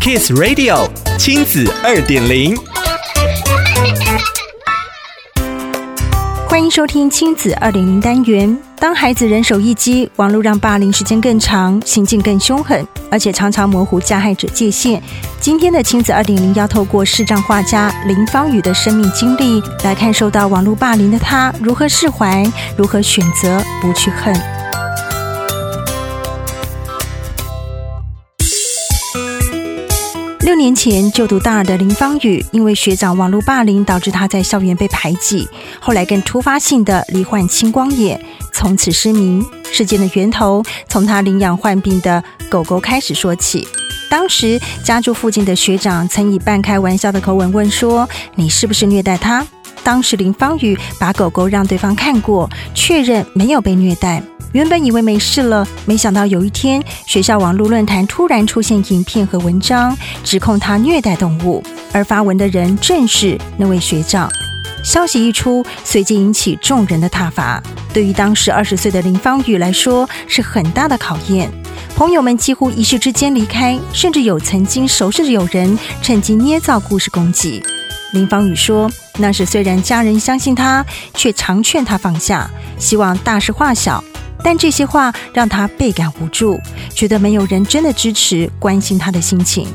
Kiss Radio 親子二點零，歡迎收聽親子二點零單元。當孩子人手一機，網絡讓霸凌時間更長，行徑更兇狠，而且常常模糊加害者界線。今天的親子二點零要透過視障畫家林芳語的生命經歷，來看受到網絡霸凌的她如何釋懷，如何選擇不去恨。六年前就讀大二的林芳語，因為學長網絡霸凌導致他在校園被排擠，後來更突發性的罹患青光眼，從此失明。事件的源頭從他領養患病的狗狗開始說起。當時家住附近的學長曾以半開玩笑的口吻問說：“你是不是虐待他？”當時林芳語把狗狗讓對方看過，確認沒有被虐待。原本以為沒事了，沒想到有一天，學校網絡論壇突然出現影片和文章，指控他虐待動物，而發文的人正是那位學長。消息一出，隨即引起眾人的撻伐。對於當時二十歲的林芳語來說，是很大的考驗。朋友們幾乎一時之間離開，甚至有曾經熟識的友人趁機捏造故事攻擊。林芳語說：“那時雖然家人相信他，卻常勸他放下，希望大事化小。”但這些話讓她倍感無助，覺得沒有人真的支持、關心她的心情。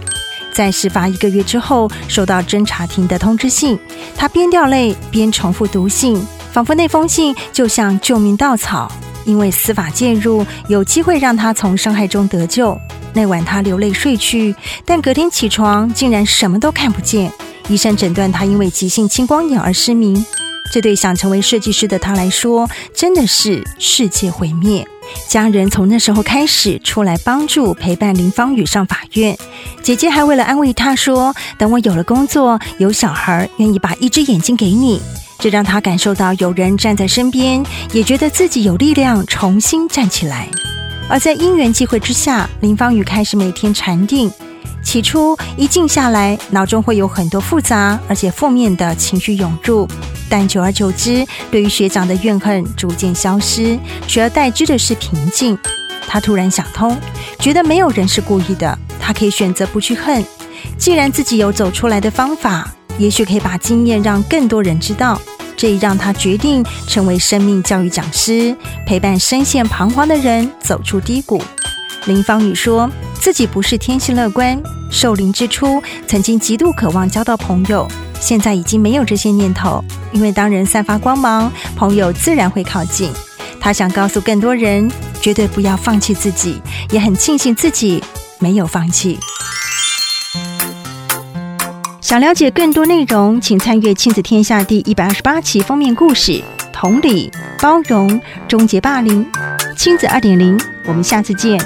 在事發一個月之後，收到偵查庭的通知信，她邊掉淚邊重複讀信，仿佛那封信就像救命稻草，因為司法介入有機會讓她從傷害中得救。那晚她流淚睡去，但隔天起床竟然什麼都看不見。醫生診斷她因為急性青光眼而失明。這對想成為設計師的她來說，真的是世界毀滅。家人從那時候開始出來幫助陪伴林芳語上法院，姐姐還為了安慰她說：“等我有了工作，有小孩，願意把一隻眼睛給你。”這讓她感受到有人站在身邊，也覺得自己有力量重新站起來。而在因緣際會之下，林芳語開始每天禪定。起初一靜下來，腦中會有很多複雜而且負面的情緒湧入。但久而久之，對於學長的怨恨逐漸消失，取而代之的是平靜。他突然想通，覺得沒有人是故意的，他可以選擇不去恨。既然自己有走出來的方法，也許可以把經驗讓更多人知道。這讓他決定成為生命教育講師，陪伴深陷彷徨的人走出低谷。林芳語說自己不是天性樂觀。受凌之初，曾經極度渴望交到朋友，現在已經沒有這些念頭，因為當人散發光芒，朋友自然會靠近。他想告訴更多人，絕對不要放棄自己，也很慶幸自己沒有放棄。想了解更多內容，請參閱《親子天下》第一百二十八期封面故事：同理、包容、終結霸凌。親子二點零，我們下次見。